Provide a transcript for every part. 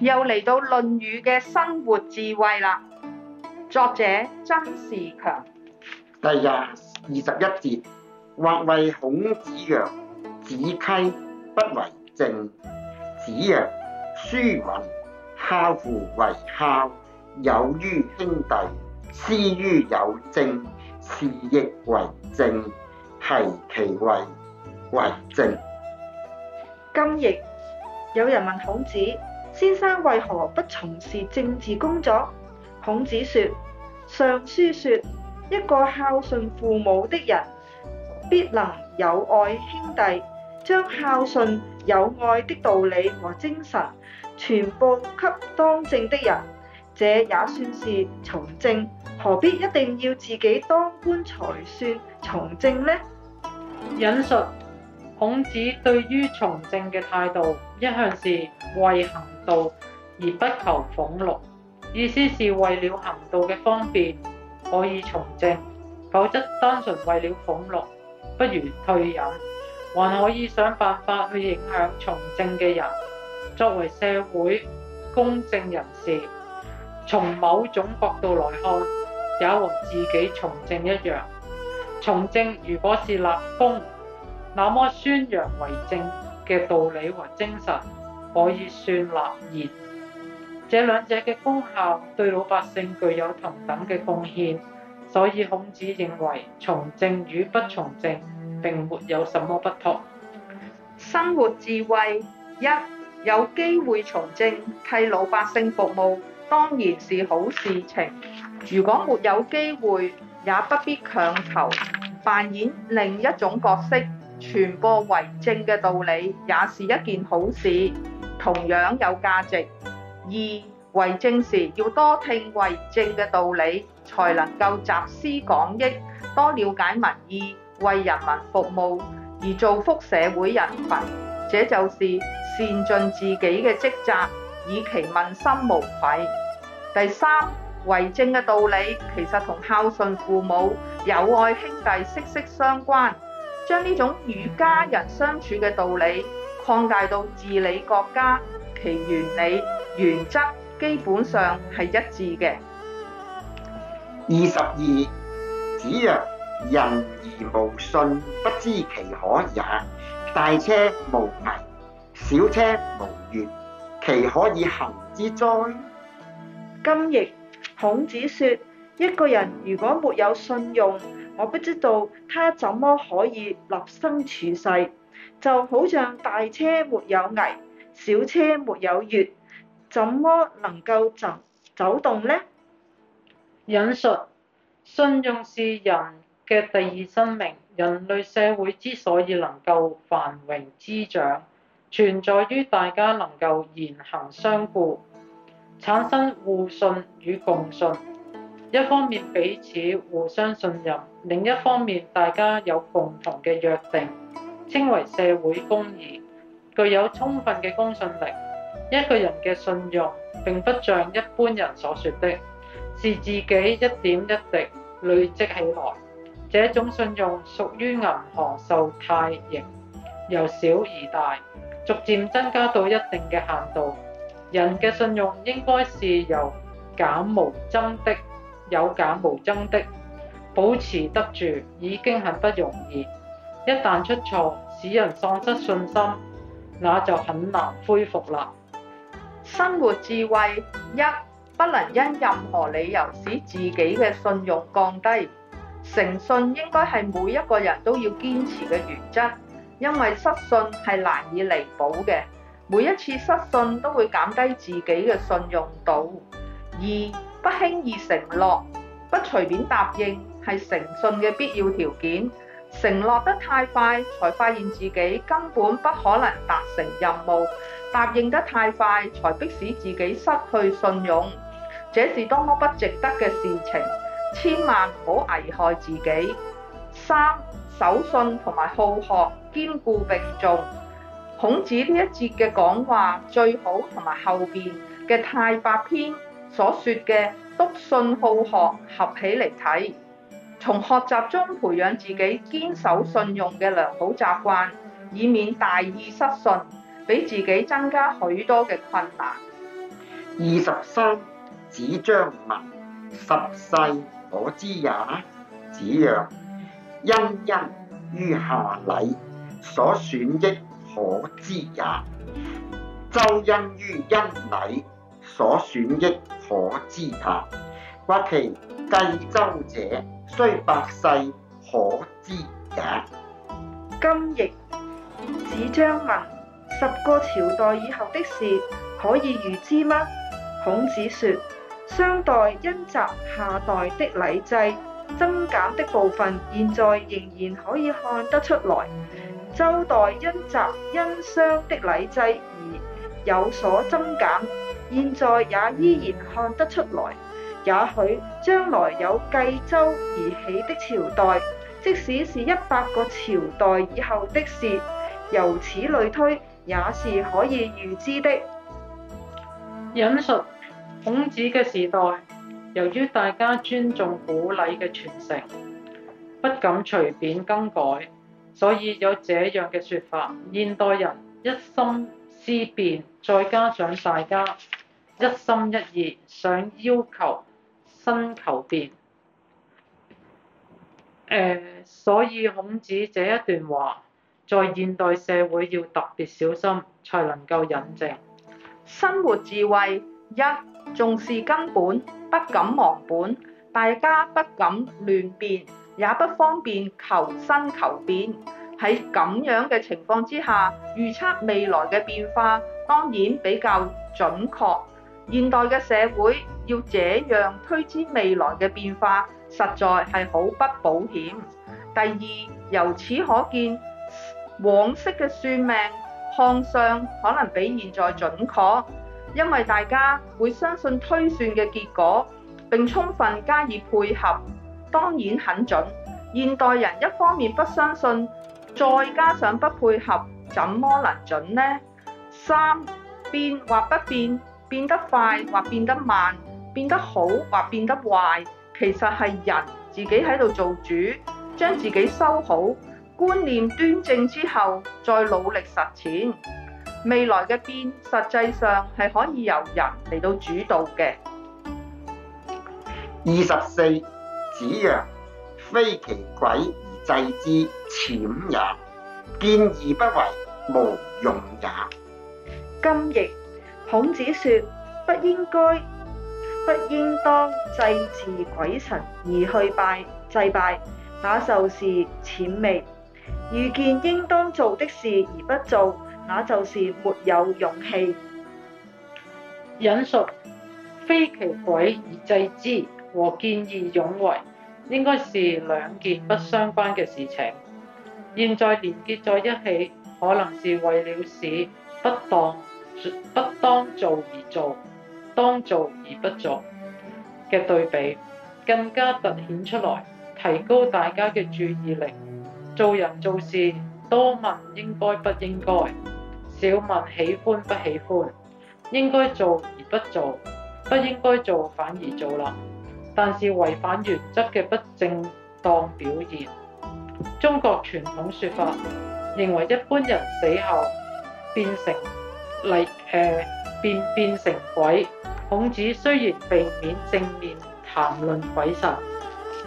又嚟到《論語》嘅生活智慧啦，作者曾仕強。第二,二十一節，或謂孔子曰：子奚不為政。子曰：書云：孝乎為孝，友于兄弟，施於有政，是亦為政。奚其,其為為政？今亦有人問孔子。先生為何不從事政治工作？孔子說，《尚書》說，一個孝順父母的人，必能友愛兄弟，將孝順友愛的道理和精神，全部給當政的人，這也算是從政，何必一定要自己當官才算從政呢？引述。孔子對於從政嘅態度，一向是為行道而不求俸祿，意思係為了行道嘅方便，可以從政，否則單純為了俸祿，不如退隱。還可以想辦法去影響從政嘅人。作為社會公正人士，從某種角度來看，也和自己從政一樣。從政如果是立功。那麼，宣揚為政嘅道理和精神可以算立言，這兩者嘅功效對老百姓具有同等嘅貢獻，所以孔子認為從政與不從政並沒有什麼不同。生活智慧，一，有機會從政，替老百姓服務，當然是好事情；如果沒有機會，也不必強求扮演另一種角色。傳播為政的道理也是一件好事，同樣有價值。二，為政時，要多聽為政的道理，才能夠集思廣益，多了解民意，為人民服務，而造福社會人群，這就是善盡自己的職責，以期問心無愧。第三，為政的道理其實同孝順父母友愛兄弟息息相關。將呢種與家人相處嘅道理，擴大到治理國家，其原理、原則基本上係一致嘅。二十二，子曰：人而無信，不知其可也。大車無輗，小車無軏，其可以行之哉？今譯孔子說，一個人如果沒有信用，我不知道他怎麼可以立身處世，就好像大車沒有輗，小車沒有軏，怎麼能夠走走動？呢？引述：信用是人嘅第二生命，人類社會之所以能夠繁榮滋長，存在於大家能夠言行相顧，產生互信與共信。一方面彼此互相信任。另一方面，大家有共同嘅約定，稱為社會公義，具有充分嘅公信力。一個人嘅信用並不像一般人所說的，是自己一點一滴累積起來。這種信用屬於銀行受貸型，由小而大，逐漸增加到一定嘅限度。人嘅信用應該是由減無增的，有減無增的。保持得住已經很不容易，一旦出錯，使人喪失信心，那就很難恢復啦。生活智慧一，不能因任何理由使自己嘅信用降低，誠信應該係每一個人都要堅持嘅原則，因為失信係難以彌補嘅，每一次失信都會減低自己嘅信用度。二，不輕易承諾，不隨便答應。係誠信嘅必要條件，承諾得太快，才發現自己根本不可能達成任務；答應得太快，才迫使自己失去信用。這是多麼不值得嘅事情，千萬唔好危害自己。三，守信同埋好學兼顧並重。孔子呢一節嘅講話，最好同埋後邊嘅《泰伯篇》所說嘅篤信好學合起嚟睇。從學習中培養自己堅守信用嘅良好習慣，以免大意失信，俾自己增加許多嘅困難。二十三，子張問：「十世可知也？子曰：殷因於夏禮，所損益可知也；周因於殷禮，所損益可知也。或其繼周者，雖百世可知也。今譯，子張問：十個朝代以後的事可以預知嗎？孔子說：商代因襲夏代的禮制，增減的部分現在仍然可以看得出來；周代因襲殷商的禮制而有所增減，現在也依然看得出來。也許將來有繼周而起的朝代，即使是一百個朝代以後的事，由此類推，也是可以預知的。引述孔子嘅時代，由於大家尊重古禮嘅傳承，不敢隨便更改，所以有這樣嘅說法。現代人一心思變，再加上大家一心一意想要求，新求變，誒，所以孔子這一段話，在現代社會要特別小心，才能夠引證生活智慧。一、重視根本，不敢忘本，大家不敢亂變，也不方便求新求變。喺咁樣嘅情況之下，預測未來嘅變化，當然比較準確。現代嘅社會要這樣推知未來嘅變化，實在係好不保險。第二，由此可見，往昔嘅算命看相可能比現在準確，因為大家會相信推算嘅結果，並充分加以配合，當然很準。現代人一方面不相信，再加上不配合，怎麼能準呢？三、變或不變。變得快或變得慢，變得好或變得壞，其實係人自己喺度做主，將自己修好，觀念端正之後，再努力實踐，未來嘅變，實際上係可以由人嚟到主導嘅。二十四，子曰：非其鬼而祭之，諂也；見義不為，無勇也。今亦。孔子說：不應該、不應當祭祀鬼神而去拜祭拜，那就是諂媚；遇見應當做的事而不做，那就是沒有勇氣。引述非其鬼而祭之和見義勇為，應該是兩件不相關嘅事情，現在連結在一起，可能是為了使不當。不當做而做，當做而不做嘅對比，更加凸顯出來，提高大家嘅注意力。做人做事多問應該不應該，少問喜歡不喜歡。應該做而不做，不應該做反而做啦。但是違反原則嘅不正當表現，中國傳統說法認為一般人死後變成。嚟誒，變，變成鬼。孔子雖然避免正面談論鬼神，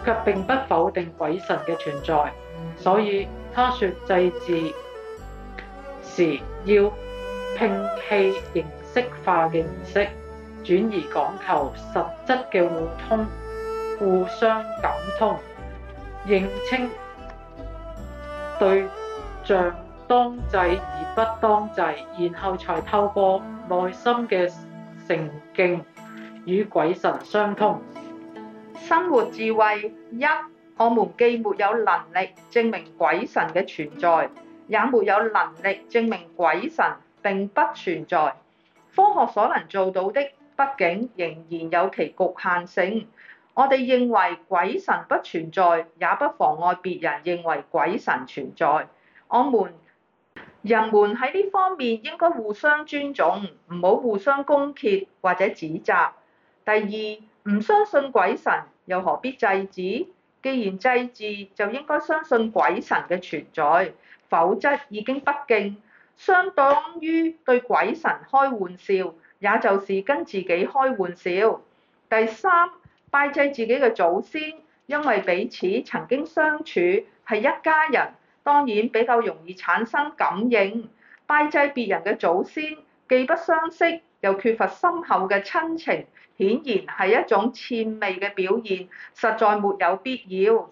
卻並不否定鬼神嘅存在。所以，他說祭祀時要摒棄形式化嘅儀式，轉而講求實質嘅互通、互相感通、認清對象。當制而不當制，然後才透過內心嘅誠敬與鬼神相通。生活智慧一，我們既沒有能力證明鬼神嘅存在，也沒有能力證明鬼神並不存在。科學所能做到的，畢竟仍然有其局限性。我哋認為鬼神不存在，也不妨礙別人認為鬼神存在。我們。人們喺呢方面應該互相尊重，唔好互相攻擊或者指責。第二，唔相信鬼神，又何必祭祀？既然祭祀，就應該相信鬼神嘅存在，否則已經不敬，相當於對鬼神開玩笑，也就是跟自己開玩笑。第三，拜祭自己嘅祖先，因為彼此曾經相處，係一家人。當然比較容易產生感應，拜祭別人嘅祖先，既不相識，又缺乏深厚嘅親情，顯然係一種諂媚嘅表現，實在沒有必要。